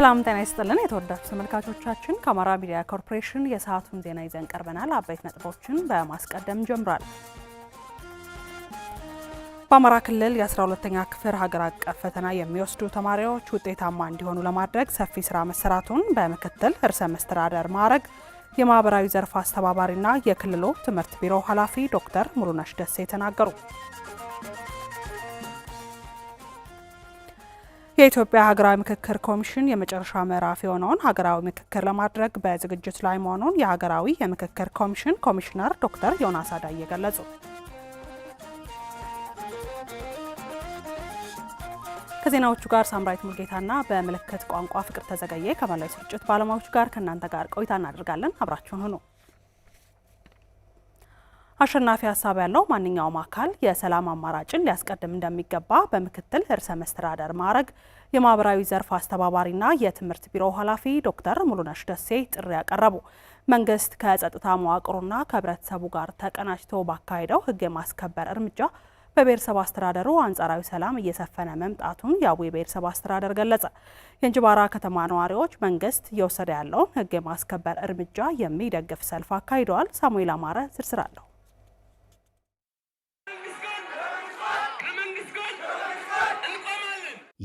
ሰላም ጤና ይስጥልን የተወዳችሁ ተመልካቾቻችን፣ ከአማራ ሚዲያ ኮርፖሬሽን የሰዓቱን ዜና ይዘን ቀርበናል። አበይት ነጥቦችን በማስቀደም ጀምሯል። በአማራ ክልል የ12ተኛ ክፍል ሀገር አቀፍ ፈተና የሚወስዱ ተማሪዎች ውጤታማ እንዲሆኑ ለማድረግ ሰፊ ስራ መሰራቱን በምክትል ርዕሰ መስተዳደር ማዕረግ የማህበራዊ ዘርፍ አስተባባሪና የክልሉ ትምህርት ቢሮ ኃላፊ ዶክተር ሙሉነሽ ደሴ ተናገሩ። የኢትዮጵያ ሀገራዊ ምክክር ኮሚሽን የመጨረሻ ምዕራፍ የሆነውን ሀገራዊ ምክክር ለማድረግ በዝግጅት ላይ መሆኑን የሀገራዊ የምክክር ኮሚሽን ኮሚሽነር ዶክተር ዮናስ አዳዬ ገለጹ። ከዜናዎቹ ጋር ሳምራዊት ሙልጌታና በምልክት ቋንቋ ፍቅር ተዘገየ ከመላው ስርጭት ባለሙያዎቹ ጋር ከእናንተ ጋር ቆይታ እናደርጋለን። አብራችሁን ሁኑ። አሸናፊ ሀሳብ ያለው ማንኛውም አካል የሰላም አማራጭን ሊያስቀድም እንደሚገባ በምክትል ርዕሰ መስተዳደር ማዕረግ የማህበራዊ ዘርፍ አስተባባሪና የትምህርት ቢሮ ኃላፊ ዶክተር ሙሉነሽ ደሴ ጥሪ ያቀረቡ መንግስት ከጸጥታ መዋቅሩና ከህብረተሰቡ ጋር ተቀናጅቶ ባካሄደው ህግ የማስከበር እርምጃ በብሔረሰብ አስተዳደሩ አንጻራዊ ሰላም እየሰፈነ መምጣቱን የአዊ ብሔረሰብ አስተዳደር ገለጸ። የእንጅባራ ከተማ ነዋሪዎች መንግስት እየወሰደ ያለውን ህግ የማስከበር እርምጃ የሚደግፍ ሰልፍ አካሂደዋል። ሳሙኤል አማረ ዝርዝር አለሁ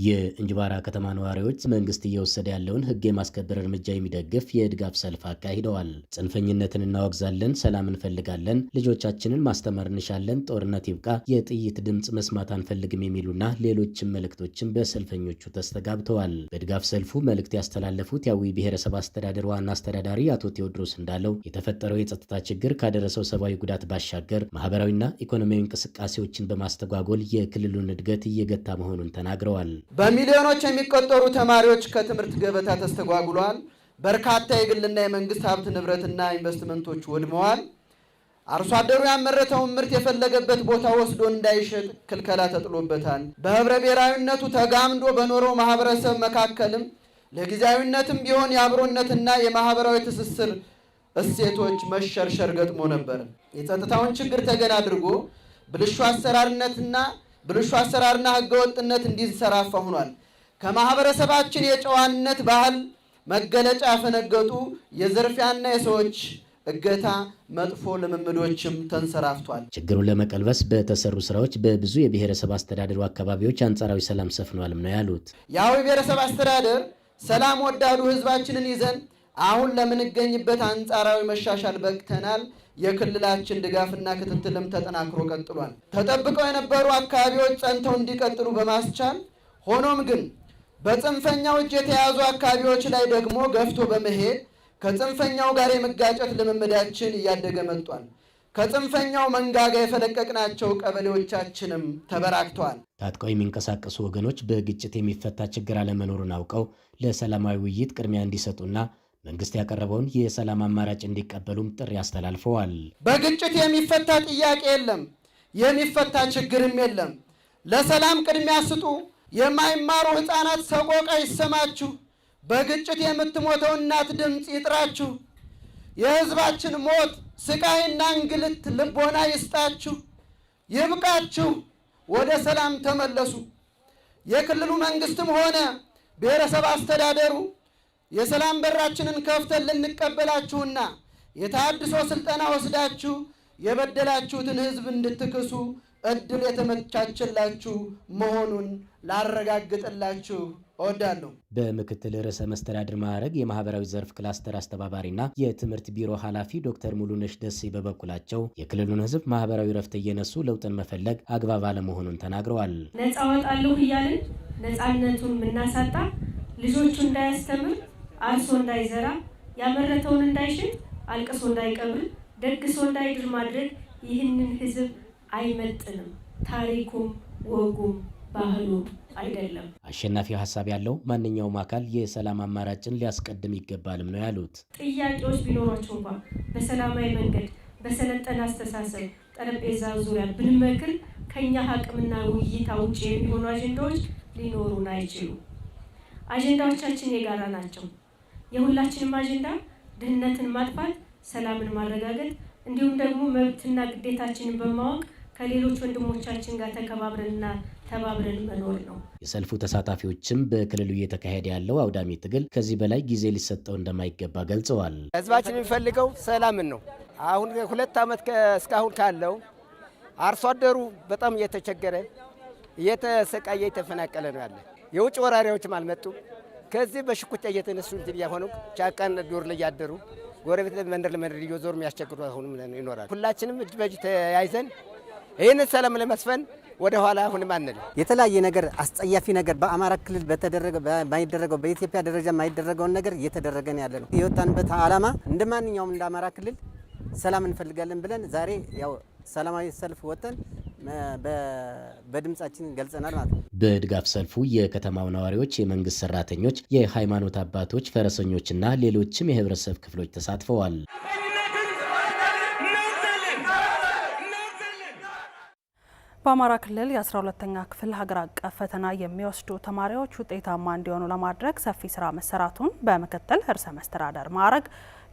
የእንጅባራ ከተማ ነዋሪዎች መንግስት እየወሰደ ያለውን ህግ የማስከበር እርምጃ የሚደግፍ የድጋፍ ሰልፍ አካሂደዋል። ጽንፈኝነትን እናወግዛለን፣ ሰላም እንፈልጋለን፣ ልጆቻችንን ማስተማር እንሻለን፣ ጦርነት ይብቃ፣ የጥይት ድምፅ መስማት አንፈልግም የሚሉና ሌሎችም መልእክቶችን በሰልፈኞቹ ተስተጋብተዋል። በድጋፍ ሰልፉ መልእክት ያስተላለፉት የአዊ ብሔረሰብ አስተዳደር ዋና አስተዳዳሪ አቶ ቴዎድሮስ እንዳለው የተፈጠረው የጸጥታ ችግር ካደረሰው ሰብአዊ ጉዳት ባሻገር ማህበራዊና ኢኮኖሚያዊ እንቅስቃሴዎችን በማስተጓጎል የክልሉን እድገት እየገታ መሆኑን ተናግረዋል። በሚሊዮኖች የሚቆጠሩ ተማሪዎች ከትምህርት ገበታ ተስተጓጉሏል። በርካታ የግልና የመንግስት ሀብት ንብረትና ኢንቨስትመንቶች ወድመዋል። አርሶ አደሩ ያመረተውን ምርት የፈለገበት ቦታ ወስዶ እንዳይሸጥ ክልከላ ተጥሎበታል። በህብረ ብሔራዊነቱ ተጋምዶ በኖረው ማህበረሰብ መካከልም ለጊዜያዊነትም ቢሆን የአብሮነትና የማህበራዊ ትስስር እሴቶች መሸርሸር ገጥሞ ነበር። የጸጥታውን ችግር ተገን አድርጎ ብልሹ አሰራርነትና ብልሹ አሰራርና ህገወጥነት እንዲንሰራፋ ሆኗል። ከማህበረሰባችን የጨዋነት ባህል መገለጫ ያፈነገጡ የዘርፊያና የሰዎች እገታ መጥፎ ልምምዶችም ተንሰራፍቷል። ችግሩን ለመቀልበስ በተሰሩ ስራዎች በብዙ የብሔረሰብ አስተዳደሩ አካባቢዎች አንጻራዊ ሰላም ሰፍኗልም ነው ያሉት። የአዊ ብሔረሰብ አስተዳደር ሰላም ወዳዱ ህዝባችንን ይዘን አሁን ለምንገኝበት አንጻራዊ መሻሻል በቅተናል። የክልላችን ድጋፍና ክትትልም ተጠናክሮ ቀጥሏል። ተጠብቀው የነበሩ አካባቢዎች ጸንተው እንዲቀጥሉ በማስቻል ሆኖም ግን በጽንፈኛው እጅ የተያዙ አካባቢዎች ላይ ደግሞ ገፍቶ በመሄድ ከጽንፈኛው ጋር የመጋጨት ልምምዳችን እያደገ መጥቷል። ከጽንፈኛው መንጋጋ የፈለቀቅናቸው ቀበሌዎቻችንም ተበራክተዋል። ታጥቀው የሚንቀሳቀሱ ወገኖች በግጭት የሚፈታ ችግር አለመኖሩን አውቀው ለሰላማዊ ውይይት ቅድሚያ እንዲሰጡና መንግስት ያቀረበውን የሰላም አማራጭ እንዲቀበሉም ጥሪ አስተላልፈዋል። በግጭት የሚፈታ ጥያቄ የለም፣ የሚፈታ ችግርም የለም። ለሰላም ቅድሚያ ስጡ። የማይማሩ ሕፃናት ሰቆቃ ይሰማችሁ፣ በግጭት የምትሞተው እናት ድምፅ ይጥራችሁ። የህዝባችን ሞት ስቃይና እንግልት ልቦና ይስጣችሁ። ይብቃችሁ፣ ወደ ሰላም ተመለሱ። የክልሉ መንግስትም ሆነ ብሔረሰብ አስተዳደሩ የሰላም በራችንን ከፍተን ልንቀበላችሁና የተሃድሶ ስልጠና ወስዳችሁ የበደላችሁትን ሕዝብ እንድትክሱ እድል የተመቻችላችሁ መሆኑን ላረጋግጥላችሁ እወዳለሁ። በምክትል ርዕሰ መስተዳድር ማዕረግ የማህበራዊ ዘርፍ ክላስተር አስተባባሪና የትምህርት ቢሮ ኃላፊ ዶክተር ሙሉነሽ ደሴ በበኩላቸው የክልሉን ህዝብ ማህበራዊ ረፍት እየነሱ ለውጥን መፈለግ አግባብ አለመሆኑን ተናግረዋል። ነጻ ወጣለሁ እያልን ነጻነቱን የምናሳጣ ልጆቹ እንዳያስተምር አልሶ እንዳይዘራ ያመረተውን እንዳይሽጥ አልቅሶ እንዳይቀብር ደግሶ እንዳይድር ማድረግ ይህንን ህዝብ አይመጥንም። ታሪኩም ወጉም ባህሉም አይደለም። አሸናፊ ሀሳብ ያለው ማንኛውም አካል የሰላም አማራጭን ሊያስቀድም ይገባልም ነው ያሉት። ጥያቄዎች ቢኖሯቸው እንኳን በሰላማዊ መንገድ በሰለጠነ አስተሳሰብ ጠረጴዛ ዙሪያ ብንመክር ከኛ አቅምና ውይይታ ውጭ የሚሆኑ አጀንዳዎች ሊኖሩን አይችሉም። አጀንዳዎቻችን የጋራ ናቸው። የሁላችንም አጀንዳ ድህነትን ማጥፋት፣ ሰላምን ማረጋገጥ እንዲሁም ደግሞ መብትና ግዴታችንን በማወቅ ከሌሎች ወንድሞቻችን ጋር ተከባብረንና ተባብረን መኖር ነው። የሰልፉ ተሳታፊዎችም በክልሉ እየተካሄደ ያለው አውዳሚ ትግል ከዚህ በላይ ጊዜ ሊሰጠው እንደማይገባ ገልጸዋል። ህዝባችን የሚፈልገው ሰላምን ነው። አሁን ሁለት ዓመት እስካሁን ካለው አርሶ አደሩ በጣም እየተቸገረ እየተሰቃየ እየተፈናቀለ ነው ያለ። የውጭ ወራሪያዎችም አልመጡም። ከዚህ በሽኩቻ እየተነሱ እንትን ያሆኑ ጫቃን ዶር ላይ ያደሩ ጎረቤት መንደር ለመንደር እየዞሩ የሚያስቸግሩ አሁንም ይኖራል። ሁላችንም እጅ በእጅ ተያይዘን ይህንን ሰላም ለመስፈን ወደ ኋላ አሁንም አንል። የተለያየ ነገር አስጸያፊ ነገር በአማራ ክልል በተደረገ በማይደረገው በኢትዮጵያ ደረጃ የማይደረገውን ነገር እየተደረገ ነው ያለ ነው። የወጣንበት ዓላማ እንደ ማንኛውም እንደ አማራ ክልል ሰላም እንፈልጋለን ብለን ዛሬ ያው ሰላማዊ ሰልፍ ወጥተን በድምጻችን ገልጸናል ማለት ነው። በድጋፍ ሰልፉ የከተማው ነዋሪዎች፣ የመንግስት ሰራተኞች፣ የሃይማኖት አባቶች፣ ፈረሰኞችና ሌሎችም የህብረተሰብ ክፍሎች ተሳትፈዋል። በአማራ ክልል የ12ተኛ ክፍል ሀገር አቀፍ ፈተና የሚወስዱ ተማሪዎች ውጤታማ እንዲሆኑ ለማድረግ ሰፊ ስራ መሰራቱን በምክትል እርሰ መስተዳደር ማዕረግ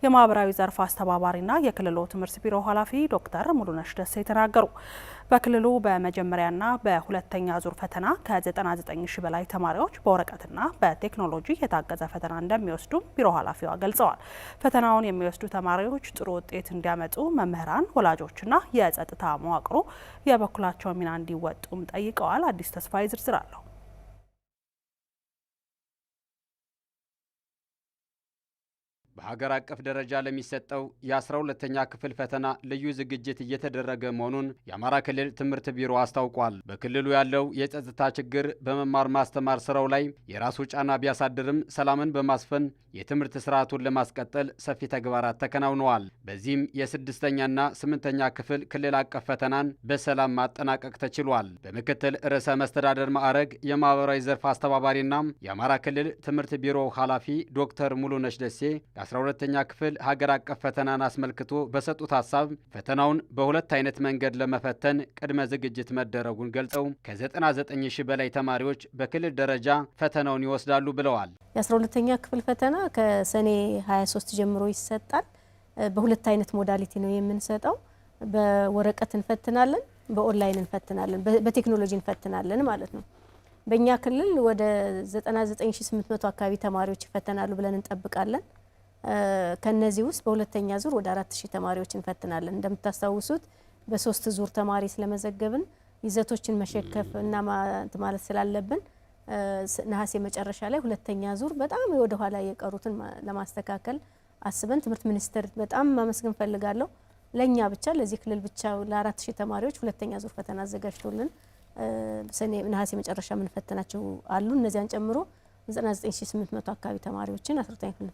የማህበራዊ ዘርፍ አስተባባሪና የክልሉ ትምህርት ቢሮ ኃላፊ ዶክተር ሙሉነሽ ደሴ ተናገሩ። በክልሉ በመጀመሪያና በሁለተኛ ዙር ፈተና ከ99 ሺ በላይ ተማሪዎች በወረቀትና በቴክኖሎጂ የታገዘ ፈተና እንደሚወስዱም ቢሮ ኃላፊዋ ገልጸዋል። ፈተናውን የሚወስዱ ተማሪዎች ጥሩ ውጤት እንዲያመጡ መምህራን፣ ወላጆችና የጸጥታ መዋቅሩ የበኩላቸውን ሚና እንዲወጡም ጠይቀዋል። አዲስ ተስፋ ይዝርዝራለሁ። በሀገር አቀፍ ደረጃ ለሚሰጠው የአስራ ሁለተኛ ክፍል ፈተና ልዩ ዝግጅት እየተደረገ መሆኑን የአማራ ክልል ትምህርት ቢሮ አስታውቋል። በክልሉ ያለው የጸጥታ ችግር በመማር ማስተማር ስራው ላይ የራሱ ጫና ቢያሳድርም ሰላምን በማስፈን የትምህርት ስርዓቱን ለማስቀጠል ሰፊ ተግባራት ተከናውነዋል። በዚህም የስድስተኛና ስምንተኛ ክፍል ክልል አቀፍ ፈተናን በሰላም ማጠናቀቅ ተችሏል። በምክትል ርዕሰ መስተዳደር ማዕረግ የማህበራዊ ዘርፍ አስተባባሪና የአማራ ክልል ትምህርት ቢሮ ኃላፊ ዶክተር ሙሉነሽ ደሴ የ12ተኛ ክፍል ሀገር አቀፍ ፈተናን አስመልክቶ በሰጡት ሀሳብ ፈተናውን በሁለት አይነት መንገድ ለመፈተን ቅድመ ዝግጅት መደረጉን ገልጸው ከ99 ሺህ በላይ ተማሪዎች በክልል ደረጃ ፈተናውን ይወስዳሉ ብለዋል። የ12ተኛ ክፍል ፈተና ከሰኔ 23 ጀምሮ ይሰጣል። በሁለት አይነት ሞዳሊቲ ነው የምንሰጠው። በወረቀት እንፈትናለን፣ በኦንላይን እንፈትናለን፣ በቴክኖሎጂ እንፈትናለን ማለት ነው። በእኛ ክልል ወደ 99800 አካባቢ ተማሪዎች ይፈተናሉ ብለን እንጠብቃለን። ከነዚህ ውስጥ በሁለተኛ ዙር ወደ አራት ሺህ ተማሪዎች እንፈትናለን። እንደምታስታውሱት በሶስት ዙር ተማሪ ስለመዘገብን ይዘቶችን መሸከፍ እና ማለት ስላለብን ነሐሴ መጨረሻ ላይ ሁለተኛ ዙር በጣም ወደ ኋላ የቀሩትን ለማስተካከል አስበን ትምህርት ሚኒስቴር በጣም ማመስገን ፈልጋለሁ። ለእኛ ብቻ ለዚህ ክልል ብቻ ለአራት ሺህ ተማሪዎች ሁለተኛ ዙር ፈተና አዘጋጅቶልን ሰኔ ነሐሴ መጨረሻ የምንፈተናቸው አሉ። እነዚያን ጨምሮ 99800 አካባቢ ተማሪዎችን አስርተኛ ክፍል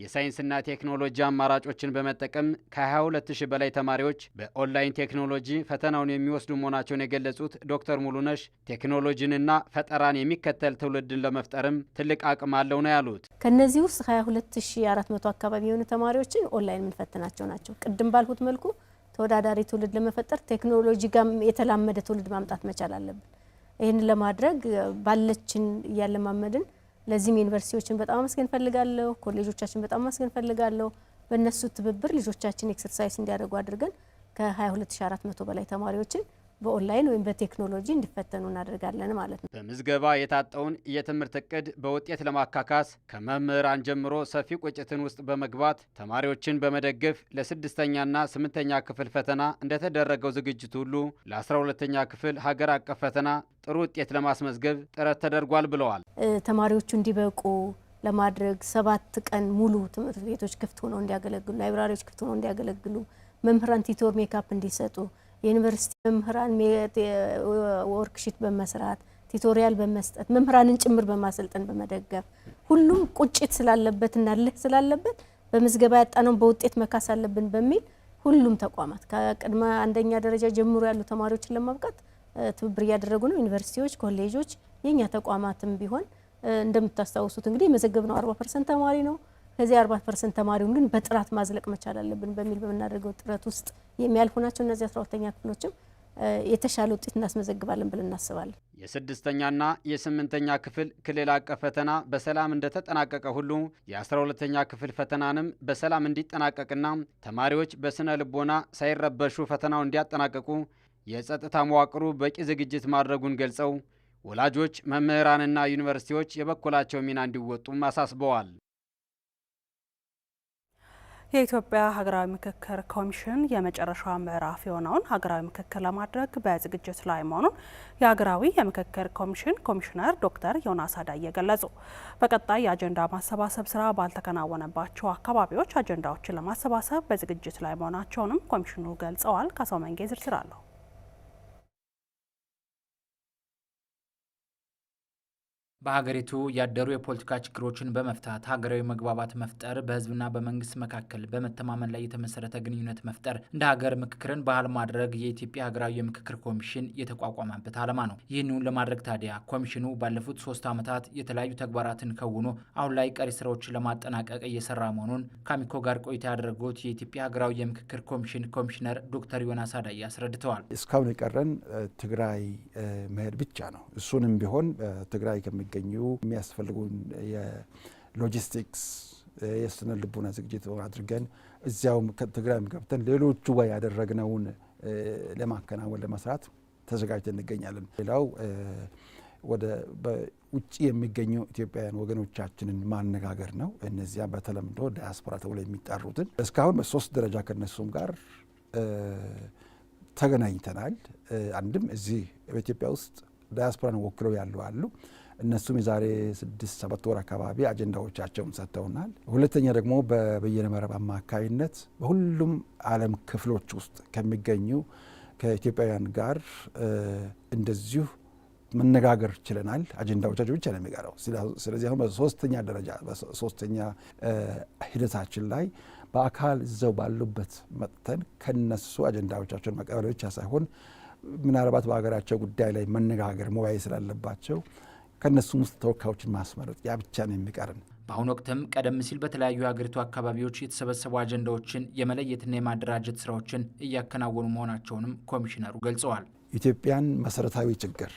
የሳይንስና ቴክኖሎጂ አማራጮችን በመጠቀም ከ22 ሺህ በላይ ተማሪዎች በኦንላይን ቴክኖሎጂ ፈተናውን የሚወስዱ መሆናቸውን የገለጹት ዶክተር ሙሉነሽ ቴክኖሎጂንና ፈጠራን የሚከተል ትውልድን ለመፍጠርም ትልቅ አቅም አለው ነው ያሉት። ከነዚህ ውስጥ 22400 አካባቢ የሆኑ ተማሪዎችን ኦንላይን የምንፈትናቸው ናቸው። ቅድም ባልሁት መልኩ ተወዳዳሪ ትውልድ ለመፈጠር ቴክኖሎጂ ጋር የተላመደ ትውልድ ማምጣት መቻል አለብን። ይህን ለማድረግ ባለችን እያለማመድን ለዚህም ዩኒቨርሲቲዎችን በጣም አመስገን ፈልጋለሁ። ኮሌጆቻችን በጣም አመስገን ፈልጋለሁ። በእነሱ ትብብር ልጆቻችን ኤክሰርሳይዝ እንዲያደርጉ አድርገን ከ22400 በላይ ተማሪዎችን በኦንላይን ወይም በቴክኖሎጂ እንዲፈተኑ እናደርጋለን ማለት ነው። በምዝገባ የታጠውን የትምህርት እቅድ በውጤት ለማካካስ ከመምህራን ጀምሮ ሰፊ ቁጭትን ውስጥ በመግባት ተማሪዎችን በመደገፍ ለስድስተኛና ስምንተኛ ክፍል ፈተና እንደተደረገው ዝግጅት ሁሉ ለአስራ ሁለተኛ ክፍል ሀገር አቀፍ ፈተና ጥሩ ውጤት ለማስመዝገብ ጥረት ተደርጓል ብለዋል። ተማሪዎቹ እንዲበቁ ለማድረግ ሰባት ቀን ሙሉ ትምህርት ቤቶች ክፍት ሆነው እንዲያገለግሉ፣ ላይብራሪዎች ክፍት ሆነው እንዲያገለግሉ፣ መምህራን ቲቶር ሜካፕ እንዲሰጡ የዩኒቨርሲቲ መምህራን ወርክሺት በመስራት ቲቶሪያል በመስጠት መምህራንን ጭምር በማሰልጠን በመደገፍ ሁሉም ቁጭት ስላለበት ልህ ስላለበት በምዝገባ ያጣነው በውጤት መካስ አለብን በሚል ሁሉም ተቋማት ከቅድመ አንደኛ ደረጃ ጀምሮ ያሉ ተማሪዎችን ለማብቃት ትብብር እያደረጉ ነው። ዩኒቨርሲቲዎች፣ ኮሌጆች፣ የእኛ ተቋማትም ቢሆን እንደምታስታውሱት እንግዲህ የመዘገብነው አርባ ፐርሰንት ተማሪ ነው። ከዚህ 40 ፐርሰንት ተማሪውን ግን በጥራት ማዝለቅ መቻል አለብን በሚል በምናደርገው ጥረት ውስጥ የሚያልፉ ናቸው። እነዚህ 12ተኛ ክፍሎችም የተሻለ ውጤት እናስመዘግባለን ብለን እናስባለን። የስድስተኛና የስምንተኛ ክፍል ክልል አቀፍ ፈተና በሰላም እንደተጠናቀቀ ሁሉ የ12ተኛ ክፍል ፈተናንም በሰላም እንዲጠናቀቅና ተማሪዎች በስነ ልቦና ሳይረበሹ ፈተናው እንዲያጠናቀቁ የጸጥታ መዋቅሩ በቂ ዝግጅት ማድረጉን ገልጸው ወላጆች፣ መምህራንና ዩኒቨርሲቲዎች የበኩላቸው ሚና እንዲወጡም አሳስበዋል። የኢትዮጵያ ሀገራዊ ምክክር ኮሚሽን የመጨረሻ ምዕራፍ የሆነውን ሀገራዊ ምክክር ለማድረግ በዝግጅት ላይ መሆኑን የሀገራዊ የምክክር ኮሚሽን ኮሚሽነር ዶክተር ዮናስ አዳዬ ገለጹ። በቀጣይ የአጀንዳ ማሰባሰብ ስራ ባልተከናወነባቸው አካባቢዎች አጀንዳዎችን ለማሰባሰብ በዝግጅት ላይ መሆናቸውንም ኮሚሽኑ ገልጸዋል። ካሳው መንጌ ዝርዝር አለሁ በሀገሪቱ ያደሩ የፖለቲካ ችግሮችን በመፍታት ሀገራዊ መግባባት መፍጠር፣ በህዝብና በመንግስት መካከል በመተማመን ላይ የተመሰረተ ግንኙነት መፍጠር፣ እንደ ሀገር ምክክርን ባህል ማድረግ የኢትዮጵያ ሀገራዊ የምክክር ኮሚሽን የተቋቋመበት ዓላማ ነው። ይህንን ለማድረግ ታዲያ ኮሚሽኑ ባለፉት ሶስት ዓመታት የተለያዩ ተግባራትን ከውኖ አሁን ላይ ቀሪ ስራዎችን ለማጠናቀቅ እየሰራ መሆኑን ከአሚኮ ጋር ቆይታ ያደረጉት የኢትዮጵያ ሀገራዊ የምክክር ኮሚሽን ኮሚሽነር ዶክተር ዮናስ አዳዬ አስረድተዋል። እስካሁን የቀረን ትግራይ መሄድ ብቻ ነው። እሱንም ቢሆን ትግራይ ከሚ የሚገኙ የሚያስፈልጉን የሎጂስቲክስ የስነ ልቡና ዝግጅት አድርገን እዚያውም ከትግራይም ገብተን ሌሎቹ ጋር ያደረግነውን ለማከናወን ለመስራት ተዘጋጅተን እንገኛለን። ሌላው ወደ በውጭ የሚገኙ ኢትዮጵያውያን ወገኖቻችንን ማነጋገር ነው። እነዚያ በተለምዶ ዳያስፖራ ተብሎ የሚጠሩትን እስካሁን በሶስት ደረጃ ከነሱም ጋር ተገናኝተናል። አንድም እዚህ በኢትዮጵያ ውስጥ ዳያስፖራን ወክለው ያሉ አሉ። እነሱም የዛሬ ስድስት ሰባት ወር አካባቢ አጀንዳዎቻቸውን ሰጥተውናል። ሁለተኛ ደግሞ በበየነ መረብ አማካይነት በሁሉም ዓለም ክፍሎች ውስጥ ከሚገኙ ከኢትዮጵያውያን ጋር እንደዚሁ መነጋገር ችለናል። አጀንዳዎቻቸው ብቻ ነው የሚቀረው። ስለዚህ አሁን በሶስተኛ ደረጃ በሶስተኛ ሂደታችን ላይ በአካል እዛው ባሉበት መጥተን ከነሱ አጀንዳዎቻቸውን መቀበል ብቻ ሳይሆን ምናልባት በሀገራቸው ጉዳይ ላይ መነጋገር ሞባይል ስላለባቸው ከእነሱም ውስጥ ተወካዮችን ማስመረጥ ያ ብቻ ነው የሚቀርን። በአሁኑ ወቅትም ቀደም ሲል በተለያዩ የሀገሪቱ አካባቢዎች የተሰበሰቡ አጀንዳዎችን የመለየትና የማደራጀት ስራዎችን እያከናወኑ መሆናቸውንም ኮሚሽነሩ ገልጸዋል። ኢትዮጵያን መሰረታዊ ችግር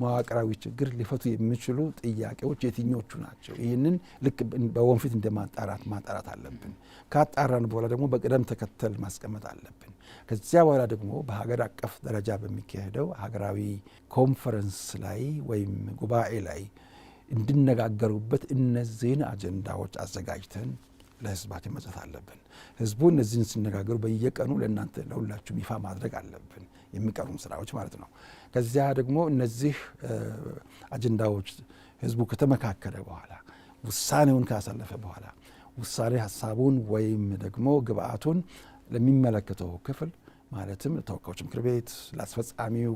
መዋቅራዊ ችግር ሊፈቱ የሚችሉ ጥያቄዎች የትኞቹ ናቸው? ይህንን ልክ በወንፊት እንደ ማጣራት ማጣራት አለብን። ካጣራን በኋላ ደግሞ በቅደም ተከተል ማስቀመጥ አለብን። ከዚያ በኋላ ደግሞ በሀገር አቀፍ ደረጃ በሚካሄደው ሀገራዊ ኮንፈረንስ ላይ ወይም ጉባኤ ላይ እንዲነጋገሩበት እነዚህን አጀንዳዎች አዘጋጅተን ለህዝባችን መጽት አለብን። ህዝቡ እነዚህን ሲነጋገሩ በየቀኑ ለእናንተ ለሁላችሁም ይፋ ማድረግ አለብን። የሚቀሩም ስራዎች ማለት ነው። ከዚያ ደግሞ እነዚህ አጀንዳዎች ህዝቡ ከተመካከለ በኋላ ውሳኔውን ካሳለፈ በኋላ ውሳኔ ሀሳቡን ወይም ደግሞ ግብአቱን ለሚመለከተው ክፍል ማለትም ለተወካዮች ምክር ቤት፣ ለአስፈጻሚው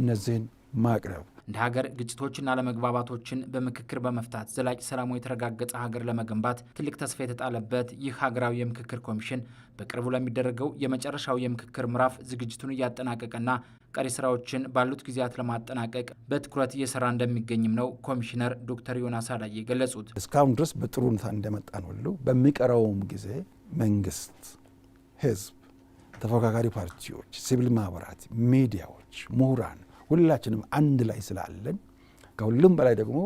እነዚህን ማቅረብ እንደ ሀገር ግጭቶችና አለመግባባቶችን በምክክር በመፍታት ዘላቂ ሰላሙ የተረጋገጠ ሀገር ለመገንባት ትልቅ ተስፋ የተጣለበት ይህ ሀገራዊ የምክክር ኮሚሽን በቅርቡ ለሚደረገው የመጨረሻው የምክክር ምዕራፍ ዝግጅቱን እያጠናቀቀና ቀሪ ስራዎችን ባሉት ጊዜያት ለማጠናቀቅ በትኩረት እየሰራ እንደሚገኝም ነው ኮሚሽነር ዶክተር ዮናስ አዳዬ ገለጹት። እስካሁን ድረስ በጥሩ ሁኔታ እንደመጣ ነው ሁሉ በሚቀረውም ጊዜ መንግስት፣ ህዝብ፣ ተፎካካሪ ፓርቲዎች፣ ሲቪል ማህበራት፣ ሚዲያዎች፣ ምሁራን ሁላችንም አንድ ላይ ስላለን ከሁሉም በላይ ደግሞ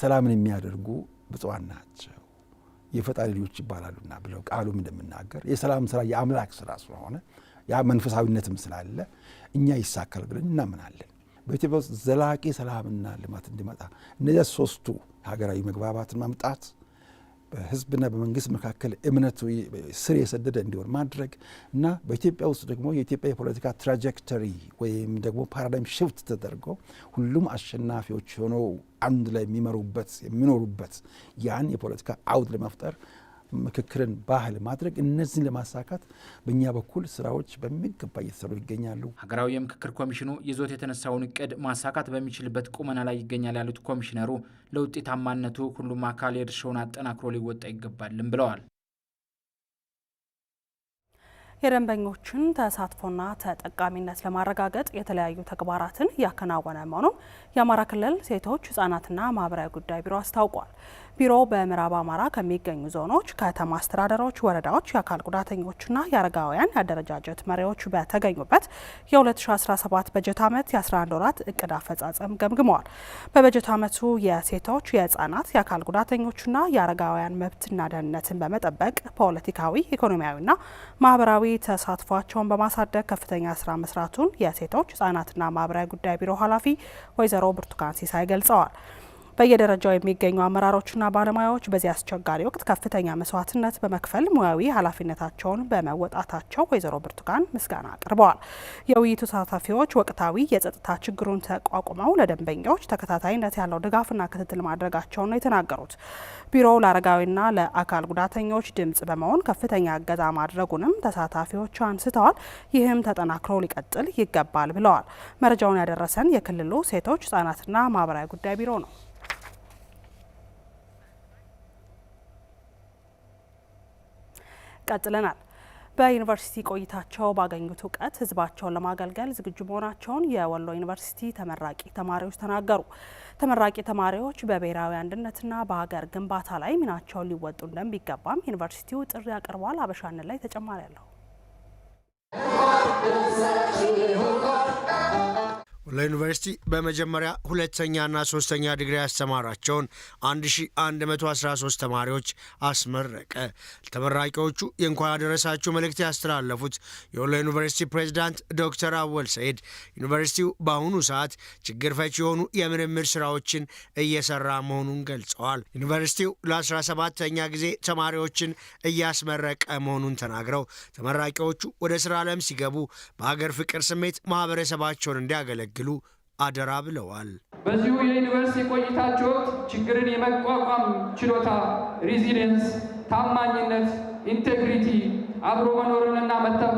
ሰላምን የሚያደርጉ ብፁዓን ናቸው የፈጣሪ ልጆች ይባላሉና ብለው ቃሉም እንደምናገር የሰላም ስራ የአምላክ ስራ ስለሆነ ያ መንፈሳዊነትም ስላለ እኛ ይሳካል ብለን እናምናለን። በኢትዮጵያ ውስጥ ዘላቂ ሰላምና ልማት እንዲመጣ እነዚያ ሶስቱ ሀገራዊ መግባባትን ማምጣት በህዝብና በመንግስት መካከል እምነቱ ስር የሰደደ እንዲሆን ማድረግ እና በኢትዮጵያ ውስጥ ደግሞ የኢትዮጵያ የፖለቲካ ትራጀክተሪ ወይም ደግሞ ፓራዳይም ሽፍት ተደርጎ ሁሉም አሸናፊዎች ሆነው አንድ ላይ የሚመሩበት የሚኖሩበት ያን የፖለቲካ አውድ ለመፍጠር ምክክርን ባህል ማድረግ እነዚህን ለማሳካት በእኛ በኩል ስራዎች በሚገባ እየተሰሩ ይገኛሉ። ሀገራዊ የምክክር ኮሚሽኑ ይዞት የተነሳውን እቅድ ማሳካት በሚችልበት ቁመና ላይ ይገኛል ያሉት ኮሚሽነሩ ለውጤታማነቱ ሁሉም አካል የድርሻውን አጠናክሮ ሊወጣ ይገባልም ብለዋል። የደንበኞችን ተሳትፎና ተጠቃሚነት ለማረጋገጥ የተለያዩ ተግባራትን እያከናወነ መሆኑን የአማራ ክልል ሴቶች ህጻናትና ማህበራዊ ጉዳይ ቢሮ አስታውቋል። ቢሮው በምዕራብ አማራ ከሚገኙ ዞኖች፣ ከተማ አስተዳደሮች፣ ወረዳዎች፣ የአካል ጉዳተኞችና የአረጋውያን የአደረጃጀት መሪዎች በተገኙበት የ2017 በጀት ዓመት የ11 ወራት እቅድ አፈጻጸም ገምግመዋል። በበጀት ዓመቱ የሴቶች የህጻናት፣ የአካል ጉዳተኞችና የአረጋውያን መብትና ደህንነትን በመጠበቅ ፖለቲካዊ፣ ኢኮኖሚያዊና ማህበራዊ ተሳትፏቸውን በማሳደግ ከፍተኛ ስራ መስራቱን የሴቶች ህጻናትና ማህበራዊ ጉዳይ ቢሮ ኃላፊ ወይዘሮ ብርቱካን ሲሳይ ገልጸዋል። በየደረጃው የሚገኙ አመራሮችና ባለሙያዎች በዚህ አስቸጋሪ ወቅት ከፍተኛ መስዋዕትነት በመክፈል ሙያዊ ኃላፊነታቸውን በመወጣታቸው ወይዘሮ ብርቱካን ምስጋና አቅርበዋል። የውይይቱ ተሳታፊዎች ወቅታዊ የጸጥታ ችግሩን ተቋቁመው ለደንበኞች ተከታታይነት ያለው ድጋፍና ክትትል ማድረጋቸውን ነው የተናገሩት። ቢሮው ለአረጋዊና ለአካል ጉዳተኞች ድምጽ በመሆን ከፍተኛ እገዛ ማድረጉንም ተሳታፊዎቹ አንስተዋል። ይህም ተጠናክሮ ሊቀጥል ይገባል ብለዋል። መረጃውን ያደረሰን የክልሉ ሴቶች ህጻናትና ማህበራዊ ጉዳይ ቢሮ ነው። ቀጥለናል። በዩኒቨርሲቲ ቆይታቸው ባገኙት እውቀት ህዝባቸውን ለማገልገል ዝግጁ መሆናቸውን የወሎ ዩኒቨርሲቲ ተመራቂ ተማሪዎች ተናገሩ። ተመራቂ ተማሪዎች በብሔራዊ አንድነትና በሀገር ግንባታ ላይ ሚናቸውን ሊወጡ እንደሚገባም ዩኒቨርሲቲው ጥሪ አቅርቧል። አበሻን ላይ ተጨማሪ አለሁ ለዩኒቨርሲቲ በመጀመሪያ ሁለተኛና ሶስተኛ ዲግሪ ያስተማራቸውን 1113 ተማሪዎች አስመረቀ። ተመራቂዎቹ የእንኳን ያደረሳችሁ መልእክት ያስተላለፉት የወሎ ዩኒቨርሲቲ ፕሬዚዳንት ዶክተር አወል ሰይድ ዩኒቨርሲቲው በአሁኑ ሰዓት ችግር ፈች የሆኑ የምርምር ስራዎችን እየሰራ መሆኑን ገልጸዋል። ዩኒቨርሲቲው ለ17ተኛ ጊዜ ተማሪዎችን እያስመረቀ መሆኑን ተናግረው ተመራቂዎቹ ወደ ስራ ዓለም ሲገቡ በሀገር ፍቅር ስሜት ማህበረሰባቸውን እንዲያገለግ እንዲያገለግሉ አደራ ብለዋል። በዚሁ የዩኒቨርሲቲ ቆይታቸው ወቅት ችግርን የመቋቋም ችሎታ፣ ሪዚሊየንስ፣ ታማኝነት፣ ኢንቴግሪቲ፣ አብሮ መኖርንና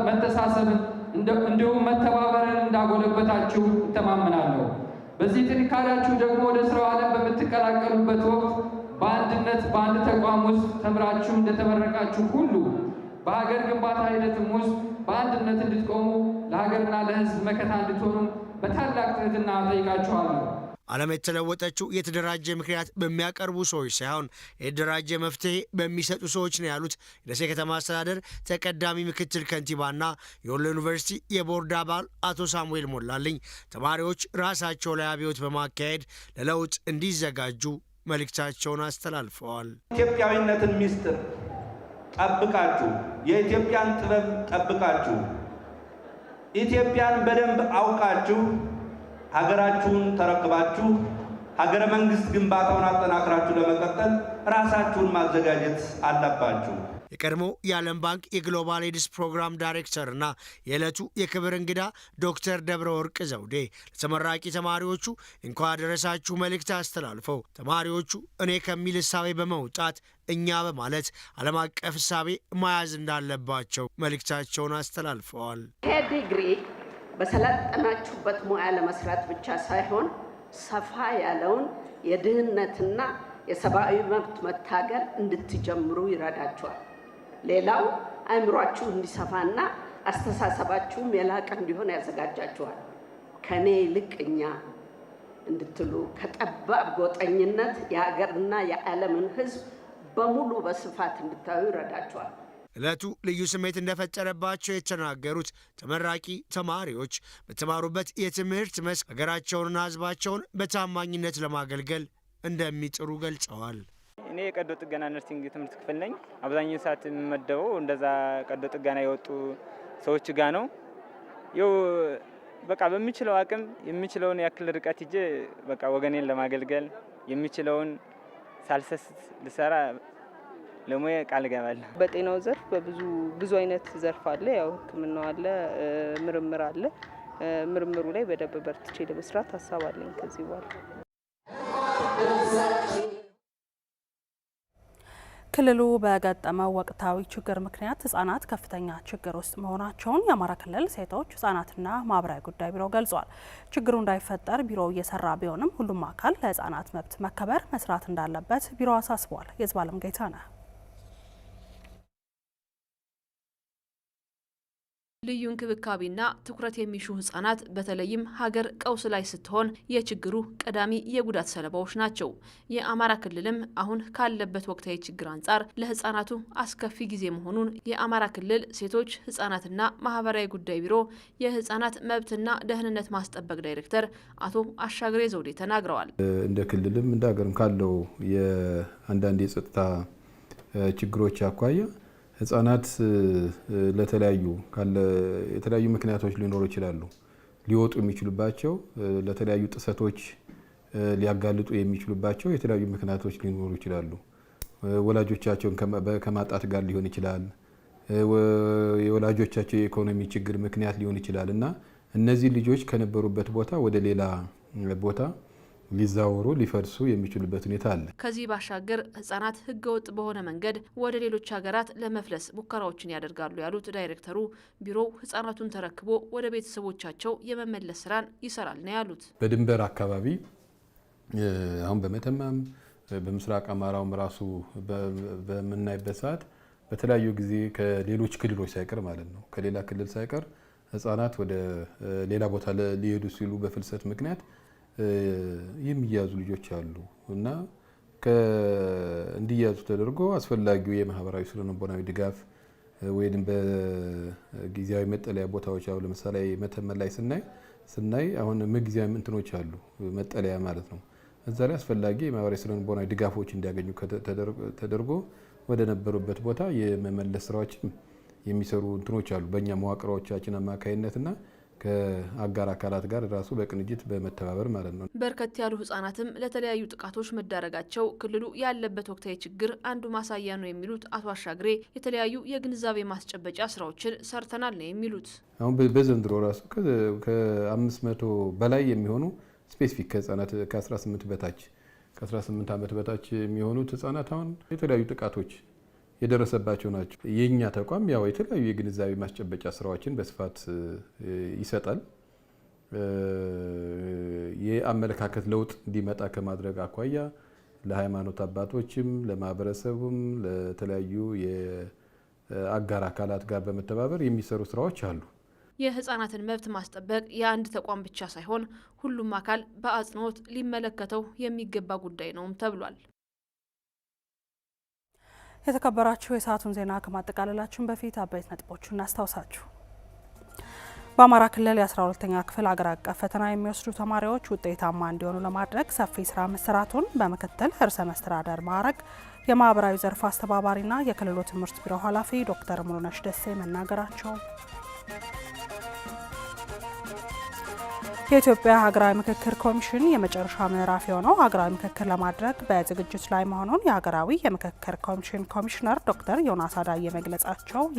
መተሳሰብን እንዲሁም መተባበርን እንዳጎለበታችሁ እተማመናለሁ። በዚህ ጥንካሬያችሁ ደግሞ ወደ ስራው ዓለም በምትቀላቀሉበት ወቅት በአንድነት በአንድ ተቋም ውስጥ ተምራችሁ እንደተመረቃችሁ ሁሉ በሀገር ግንባታ ሂደትም ውስጥ በአንድነት እንድትቆሙ ለሀገርና ለሕዝብ መከታ እንድትሆኑ በታላቅ ትህትና ጠይቃችኋለሁ። ዓለም የተለወጠችው የተደራጀ ምክንያት በሚያቀርቡ ሰዎች ሳይሆን የተደራጀ መፍትሄ በሚሰጡ ሰዎች ነው ያሉት የደሴ ከተማ አስተዳደር ተቀዳሚ ምክትል ከንቲባና የወሎ ዩኒቨርሲቲ የቦርድ አባል አቶ ሳሙኤል ሞላልኝ ተማሪዎች ራሳቸው ላይ አብዮት በማካሄድ ለለውጥ እንዲዘጋጁ መልእክታቸውን አስተላልፈዋል። ኢትዮጵያዊነትን ሚስጥር ጠብቃችሁ፣ የኢትዮጵያን ጥበብ ጠብቃችሁ ኢትዮጵያን በደንብ አውቃችሁ ሀገራችሁን ተረክባችሁ ሀገረ መንግስት ግንባታውን አጠናክራችሁ ለመቀጠል ራሳችሁን ማዘጋጀት አለባችሁ። የቀድሞ የዓለም ባንክ የግሎባል ኤድስ ፕሮግራም ዳይሬክተር እና የዕለቱ የክብር እንግዳ ዶክተር ደብረ ወርቅ ዘውዴ ለተመራቂ ተማሪዎቹ እንኳ ደረሳችሁ መልእክት አስተላልፈው ተማሪዎቹ እኔ ከሚል እሳቤ በመውጣት እኛ በማለት ዓለም አቀፍ እሳቤ መያዝ እንዳለባቸው መልእክታቸውን አስተላልፈዋል። ይሄ ዲግሪ በሰለጠናችሁበት ሙያ ለመስራት ብቻ ሳይሆን ሰፋ ያለውን የድህነትና የሰብአዊ መብት መታገል እንድትጀምሩ ይረዳቸዋል። ሌላው አእምሯችሁ እንዲሰፋና አስተሳሰባችሁም የላቀ እንዲሆን ያዘጋጃችኋል። ከእኔ ይልቅ እኛ እንድትሉ ከጠባብ ጎጠኝነት የሀገርና የዓለምን ሕዝብ በሙሉ በስፋት እንድታዩ ይረዳችኋል። ዕለቱ ልዩ ስሜት እንደፈጠረባቸው የተናገሩት ተመራቂ ተማሪዎች በተማሩበት የትምህርት መስክ ሀገራቸውንና ሕዝባቸውን በታማኝነት ለማገልገል እንደሚጥሩ ገልጸዋል። እኔ የቀዶ ጥገና ነርሲንግ ትምህርት ክፍል ነኝ። አብዛኛው ሰዓት የምመደበው እንደዛ ቀዶ ጥገና የወጡ ሰዎች ጋ ነው። ይው በቃ በምችለው አቅም የምችለውን ያክል ርቀት ሂጄ በቃ ወገኔን ለማገልገል የምችለውን ሳልሰስት ልሰራ ለሙያ ቃል ገባለሁ። በጤናው ዘርፍ በብዙ ብዙ አይነት ዘርፍ አለ። ያው ሕክምናው አለ፣ ምርምር አለ። ምርምሩ ላይ በደንብ በርትቼ ለመስራት ሀሳብ አለኝ ከዚህ በኋላ ክልሉ በገጠመው ወቅታዊ ችግር ምክንያት ህጻናት ከፍተኛ ችግር ውስጥ መሆናቸውን የአማራ ክልል ሴቶች ህጻናትና ማህበራዊ ጉዳይ ቢሮ ገልጿል። ችግሩ እንዳይፈጠር ቢሮው እየሰራ ቢሆንም ሁሉም አካል ለህጻናት መብት መከበር መስራት እንዳለበት ቢሮ አሳስቧል። የዝባለም ጌታ ነህ ልዩ እንክብካቤና ትኩረት የሚሹ ህጻናት በተለይም ሀገር ቀውስ ላይ ስትሆን የችግሩ ቀዳሚ የጉዳት ሰለባዎች ናቸው። የአማራ ክልልም አሁን ካለበት ወቅታዊ ችግር አንጻር ለህጻናቱ አስከፊ ጊዜ መሆኑን የአማራ ክልል ሴቶች ህጻናትና ማህበራዊ ጉዳይ ቢሮ የህጻናት መብትና ደህንነት ማስጠበቅ ዳይሬክተር አቶ አሻግሬ ዘውዴ ተናግረዋል። እንደ ክልልም እንደ ሀገርም ካለው የአንዳንድ የጸጥታ ችግሮች አኳያ ህጻናት ለተለያዩ የተለያዩ ምክንያቶች ሊኖሩ ይችላሉ። ሊወጡ የሚችሉባቸው ለተለያዩ ጥሰቶች ሊያጋልጡ የሚችሉባቸው የተለያዩ ምክንያቶች ሊኖሩ ይችላሉ። ወላጆቻቸውን ከማጣት ጋር ሊሆን ይችላል። የወላጆቻቸው የኢኮኖሚ ችግር ምክንያት ሊሆን ይችላል እና እነዚህ ልጆች ከነበሩበት ቦታ ወደ ሌላ ቦታ ሊዛወሩ ሊፈርሱ የሚችሉበት ሁኔታ አለ። ከዚህ ባሻገር ህጻናት ህገወጥ በሆነ መንገድ ወደ ሌሎች ሀገራት ለመፍለስ ሙከራዎችን ያደርጋሉ ያሉት ዳይሬክተሩ ቢሮው ህጻናቱን ተረክቦ ወደ ቤተሰቦቻቸው የመመለስ ስራን ይሰራል ነው ያሉት። በድንበር አካባቢ አሁን በመተማም በምስራቅ አማራውም ራሱ በምናይበት ሰዓት በተለያዩ ጊዜ ከሌሎች ክልሎች ሳይቀር ማለት ነው ከሌላ ክልል ሳይቀር ህጻናት ወደ ሌላ ቦታ ሊሄዱ ሲሉ በፍልሰት ምክንያት የሚያዙ ልጆች አሉ እና እንዲያዙ ተደርጎ አስፈላጊው የማህበራዊ ስነ ድጋፍ ወይም በጊዜያዊ መጠለያ ቦታዎች አሁን ለምሳሌ መተመን ላይ ስናይ ስናይ አሁን ጊዜያዊ እንትኖች አሉ መጠለያ ማለት ነው። እዛ ላይ አስፈላጊ የማህበራዊ ስነ ድጋፎች እንዲያገኙ ተደርጎ ወደ ነበሩበት ቦታ የመመለስ ስራዎችም የሚሰሩ እንትኖች አሉ በእኛ መዋቅሮቻችን አማካይነትና ከአጋር አካላት ጋር ራሱ በቅንጅት በመተባበር ማለት ነው። በርከት ያሉ ህጻናትም ለተለያዩ ጥቃቶች መዳረጋቸው ክልሉ ያለበት ወቅታዊ ችግር አንዱ ማሳያ ነው የሚሉት አቶ አሻግሬ የተለያዩ የግንዛቤ ማስጨበጫ ስራዎችን ሰርተናል ነው የሚሉት። አሁን በዘንድሮ ራሱ ከአምስት መቶ በላይ የሚሆኑ ስፔሲፊክ ከህጻናት ከ18 በታች ከ18 ዓመት በታች የሚሆኑት ህጻናት አሁን የተለያዩ ጥቃቶች የደረሰባቸው ናቸው። የእኛ ተቋም ያው የተለያዩ የግንዛቤ ማስጨበጫ ስራዎችን በስፋት ይሰጣል። የአመለካከት ለውጥ እንዲመጣ ከማድረግ አኳያ ለሃይማኖት አባቶችም ለማህበረሰቡም ለተለያዩ የአጋር አካላት ጋር በመተባበር የሚሰሩ ስራዎች አሉ። የህጻናትን መብት ማስጠበቅ የአንድ ተቋም ብቻ ሳይሆን ሁሉም አካል በአጽንኦት ሊመለከተው የሚገባ ጉዳይ ነውም ተብሏል። የተከበራችሁ የሰዓቱን ዜና ከማጠቃለላችን በፊት አበይት ነጥቦቹ እናስታውሳችሁ። በአማራ ክልል የ12ተኛ ክፍል አገር አቀፍ ፈተና የሚወስዱ ተማሪዎች ውጤታማ እንዲሆኑ ለማድረግ ሰፊ ስራ መሰራቱን በምክትል ርዕሰ መስተዳደር ማዕረግ የማህበራዊ ዘርፍ አስተባባሪና የክልሉ ትምህርት ቢሮ ኃላፊ ዶክተር ሙሉነሽ ደሴ መናገራቸው የኢትዮጵያ ሀገራዊ ምክክር ኮሚሽን የመጨረሻ ምዕራፍ የሆነው ሀገራዊ ምክክር ለማድረግ በዝግጅት ላይ መሆኑን የሀገራዊ የምክክር ኮሚሽን ኮሚሽነር ዶክተር ዮናስ አዳዬ መግለጻቸው